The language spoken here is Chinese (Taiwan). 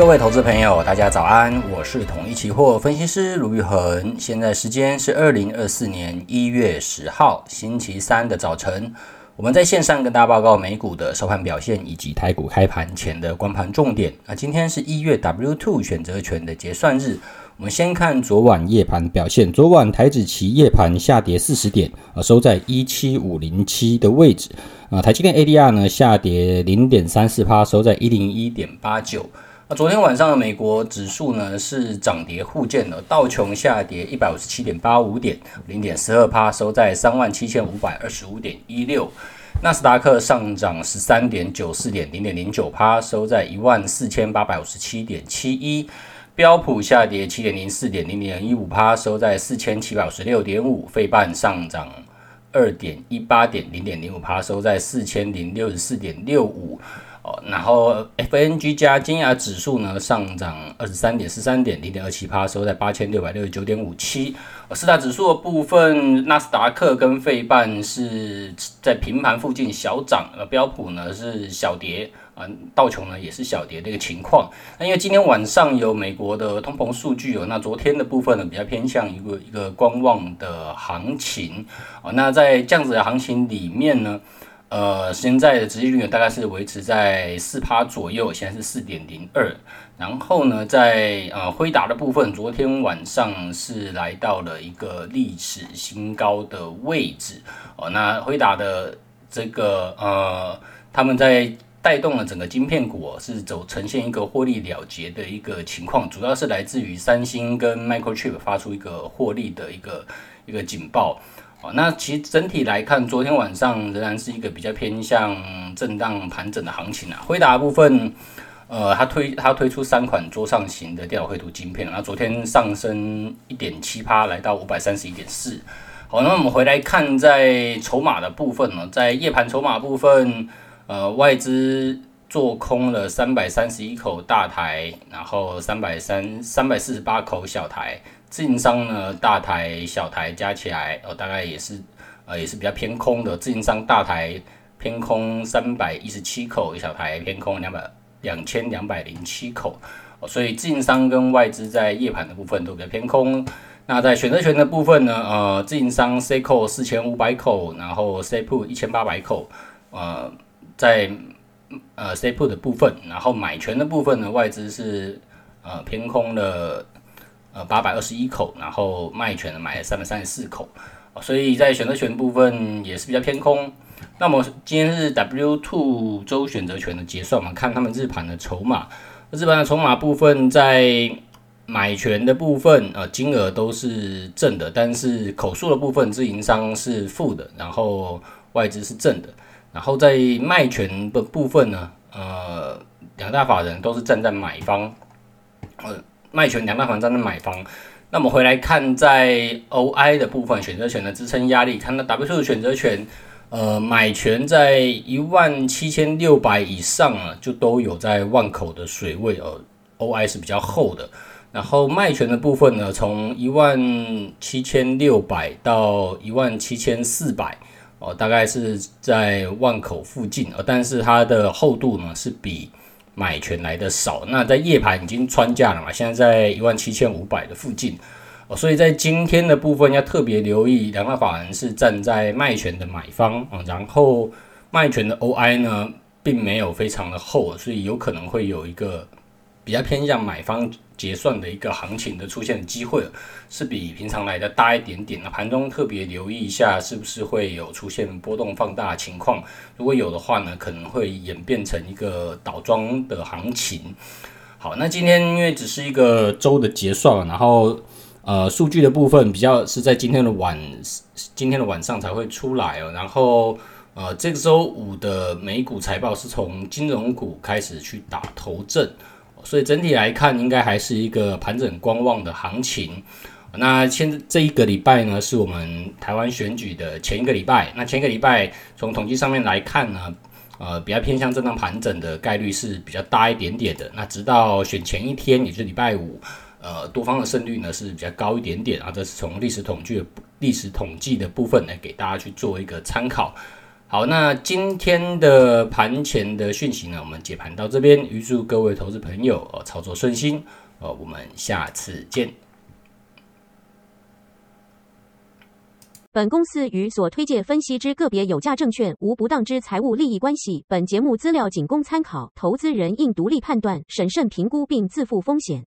各位投資朋友，大家早安！我是統一期貨分析師盧昱衡，現在時間是二零二四年一月十號星期三的早晨。我們在線上跟大家報告美股的收盤表現以及台股開盤前的觀盤重點。啊，今天是一月 W Two 選擇權的結算日。我們先看昨晚夜盤表現。昨晚台指期夜盤下跌四十點，啊、呃，收在一七五零七的位置。啊、呃，台積電 ADR 呢下跌零點三四%，收在一零一點八九。啊、昨天晚上的美國指數呢是漲跌互見的，道瓊下跌一百五十七點八五點，零點十二趴收在三萬七千五百二十五點一六，納斯達克上漲十三點九四點，零點零九趴收在一萬四千八百五十七點七一，標普下跌七點零四點，零點一五趴收在四千七百五十六點五，費半上漲二點一八點，零點零五趴收在四千零六十四點六五。然後，F N G 加金牙指數呢上漲二十三點四三點零點二七%，收在八千六百六十九點五七。四大指數的部分，納斯達克跟費半是在平盤附近小漲，而標普呢是小跌啊，道瓊呢也是小跌的一個情況。那因為今天晚上有美國的通膨數據哦，那昨天的部分呢比較偏向一個一個觀望的行情。那在這樣子的行情裡面呢？呃，現在的殖利率大概是維持在四趴左右，現在是四點零二。然後呢，在呃輝達的部分，昨天晚上是來到了一個歷史新高的位置。呃、哦、那輝達的這個呃，他們在帶動了整個晶片股是走呈現一個獲利了結的一個情況，主要是來自於三星跟 Microchip 發出一個獲利的一個一個警報。好，那其實整體來看，昨天晚上仍然是一個比較偏向震盪盤整的行情啊。輝達部分，呃，它推它推出三款桌上型的電腦繪圖晶片，然後昨天上升一點七趴，來到五百三十一點四。好，那我們回來看在籌碼的部分呢、喔，在夜盤籌碼部分，呃，外資做空了三百三十一口大台，然後三百三三百四十八口小台。自營商呢，大台小台加起來，哦，大概也是，呃，也是比較偏空的。自營商大台偏空三百一十七口，一小台偏空兩百兩千兩百零七口、哦。所以自營商跟外資在夜盤的部分都比較偏空。那在選擇權的部分呢，呃，自營商 C 口四千五百口，然後 C put 一千八百口，呃，在呃 C put 的部分，然後買權的部分呢，外資是呃偏空的。呃，八百二十一口，然後賣權的買了三百三十四口。哦，所以在選擇權部分也是比較偏空。那麼今天是 W2 週選擇權的結算嘛？我們看他們日盤的籌碼，日盤的籌碼部分在買權的部分，呃，金額都是正的，但是口數的部分自營商是負的，然後外資是正的。然後在賣權的部分呢，呃，兩大法人都是站在買方，呃。賣權兩大房在那買房，那麼回來看在 OI 的部分選擇權的支撐壓力，看到 W2 的選擇權，呃，買權在一萬七千六百以上啊，就都有在萬口的水位哦，OI 是比較厚的。然後賣權的部分呢，從一萬七千六百到一萬七千四百哦，大概是在萬口附近，呃，但是它的厚度呢是比。買權來的少，那在夜盤已經穿價了嘛，現在在一萬七千五百的附近哦，所以在今天的部分要特別留意，兩大法人是站在賣權的買方啊，然後賣權的 OI 呢並沒有非常的厚，所以有可能會有一個。比較偏向買方結算的一個行情的出現機會，是比平常來的大一點點。那盤中特別留意一下，是不是會有出現波動放大的情況？如果有的話呢，可能會演變成一個倒莊的行情。好，那今天因為只是一個周的結算，然後呃，數據的部分比較是在今天的晚今天的晚上才會出來哦。然後呃，這個周五的美股財報是從金融股開始去打頭陣。所以整體來看，應該還是一個盤整觀望的行情。那現這一個禮拜呢，是我們台灣選舉的前一個禮拜。那前一個禮拜，從統計上面來看呢，呃，比較偏向震盪盤整的概率是比較大一點點的。那直到選前一天，也就是禮拜五，呃，多方的勝率呢是比較高一點點。啊，這是從歷史統計的歷史統計的部分來給大家去做一個參考。好，那今天的盤前的訊息呢，我們解盤到這邊，預祝各位投資朋友呃、哦、操作順心呃、哦，我們下次見。本公司與所推介分析之個別有價證券無不當之財務利益關係。本節目資料僅供參考，投資人應獨立判斷、審慎評估並自負風險。